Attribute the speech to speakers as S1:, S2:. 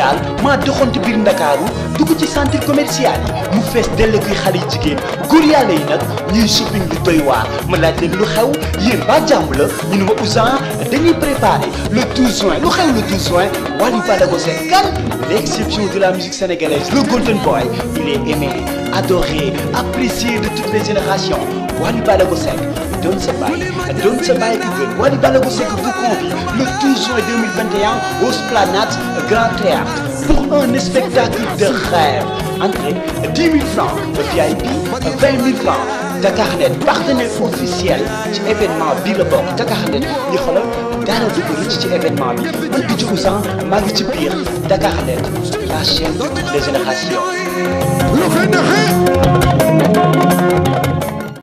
S1: daal maa doxantu biir ndakaaru dugg ci centre commercial yi mu fees dell kuy xale yu jigéen góor yàlla yi nag ñuy shopping lu doy waar ma laaj leen lu xew yéen waa la ñu ne ma Ousan dañuy préparé le juin lu xew le 12 juin Wally Ballago Seck l'exception de la musique sénégalaise le golden boy il est aimé adoré apprécié de toutes les générations Wally Ballago Seck Donsabaï. Donsabaï Pouvelle, Wally Balago Seck vous convie le 12 juin 2021 au Esplanade Grand Théâtre pour un spectacle de rêve. Entrée 10 000 francs, VIP 20 000 francs. Dakarnet partenaire officiel ci événement bii la bokk Dakarnet ñu xoolal dara du ko rëcc ci
S2: événement bi man di jugu sax maa ngi ci biir Dakarnet la chaîne des
S3: générations.